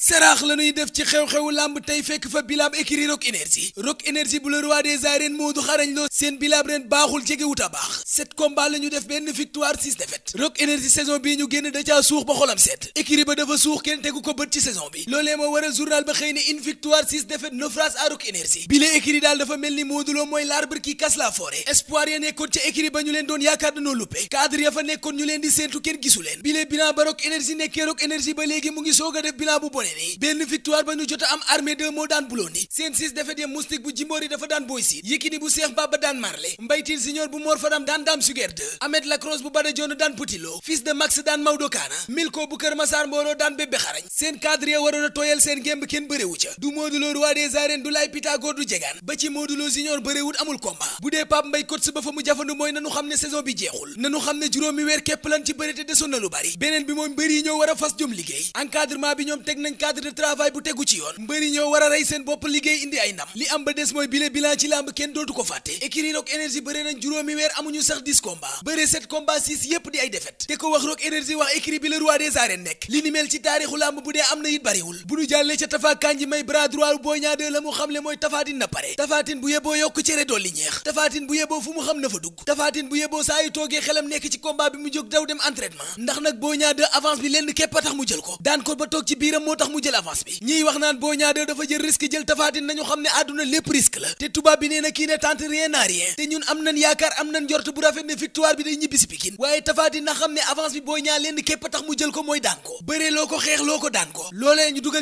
seraax la ñuy def ci xew-xewu làmb tey fekk fa bilaab écurie Rock Énergie Rock Énergie bu le roi des arènes Modou Xarañ Lo seen bilaab ren baaxul jege wut baax sept combat la def benn victoire six défaite Rock Énergie saison bii ñu génn da caa suux ba xolam set écurie ba dafa suux kenn tegu ko bët ci saison bi loolee moo waral journal ba xëy ne une victoire six défaite naufrage à Rock Énergie bile écurie daal dafa mel ni Modou mooy l'arbre qui casse la forêt espoir ya nekkoon ca écurie ba ñu leen doon yaakaar ya fa nekkoon ñu leen di leen bile bilan ba Rock ngi boole benn victoire ba ñu jot am armée 2 moo daan bulondi seen six défaites ya moustique bu jimboor yi dafa daan boy yikini bu seex baba daan marle mbaytil senior bu moor fadam daan daam suger 2 amet lacrosse bu bada daan putiloo fils de max daan mawdo milko bu kër masaar mbooloo daan bébbe xarañ seen cadre ya waroon tooyal seen gémb kenn bëréwu ca du mooduloo roi des arènes du laay pitagore du jegaan ba ci mooduloo junior bëréewut amul cadre de travail bu tegu ci yoon mbëri ñoo war rey seen bopp liggéey indi ay ndam li am ba des mooy bile bilan ci làmb kenn dootu ko fàtte écurie Rock Énergie bëre nañ juróomi weer amuñu sax 10 combats bëre 7 combats yépp di ay défaites te ko wax Rock Énergie wax écurie bi le roi des arènes nekk li ni ci taarixu làmb bu dee am na it bariwul bu ñu jàllee ca Tapha bu yeboo yokk cere dolli ñeex Tapha bu yeboo fu mu xam na fa dugg Tapha tax mu jël avance bi ñiy wax naan Boy Niang 2 dafa jël risque jël tafaatin nañu xam ne àdduna lépp risque la te tubaab bi nee kii ne tente rien à te ñun am nañ yaakaar am nañ njort bu rafet ne victoire bi day ñibbisi Pikine waaye tafaatin na xam ne avance bi Boy Niang lenn képp tax mu jël ko mooy daan ko bëree ko xeex loo ko daan ko loolee ñu dugg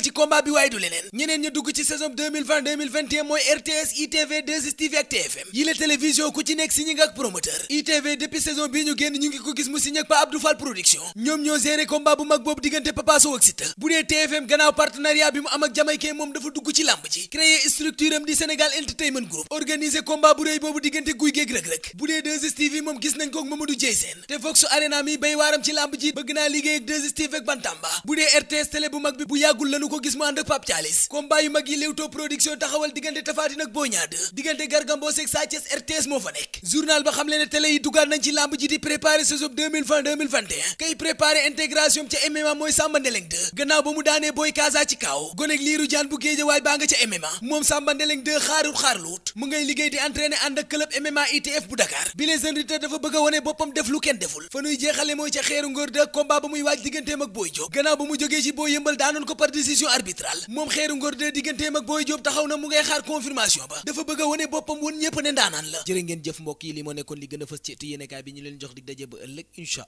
ci saison mooy RTS ITV stv ak TFM yi la télévision ku ci nekk signé nga ak promoteur ITV depuis saison gannaaw partenariat bi mu am ak jamaykee moom dafa dugg ci làmb ji créer structure am di Sénégal Entertainment Group organiser combat bu réy boobu diggante guy géeg rëk-rëk moom gis nañ ko ak Mamadou Dieye Sène te Vox Arena mi bay waaram ci làmb ji bëgg naa liggéey ak 2STV ak Bantamba bu dee RTS télé bu mag bi bu yàggul lañu ko gis mu ànd ak Pape Thialis combat yu mag yi Leewtoo taxawal diggante Tapha ak Boy Niang diggante Garga Mbossé ak moo fa nekk journal ba xam le ne télé yi dugaat nañ ci làmb ji di préparer saison 2020 2021 kay préparer intégration ca MMA mooy Samba Ndeleng 2 gannaaw ba mu daanee Boy mu ngay liggéey di entraîner ànd ak club MMA ITF bu Dakar bi les jeunes dafa bëgg wane boppam def lu kenn deful fa nuy jeexale mooy ca xeeru ngóor de combat ba muy waaj digganteem ak Boy Diop gannaaw ba mu jógee ci boo Yëmbal daanoon ko par décision arbitrale moom xeeru ngóor de digganteem ak Boy Diop taxaw na mu ngay xaar confirmation ba dafa bëgg a wone boppam woon ñépp ne ndaanaan la jërë ngeen jëf mbokk yi li moo nekkoon li gën a fës ci ëttu leen jox dig daje ba ëllëg incha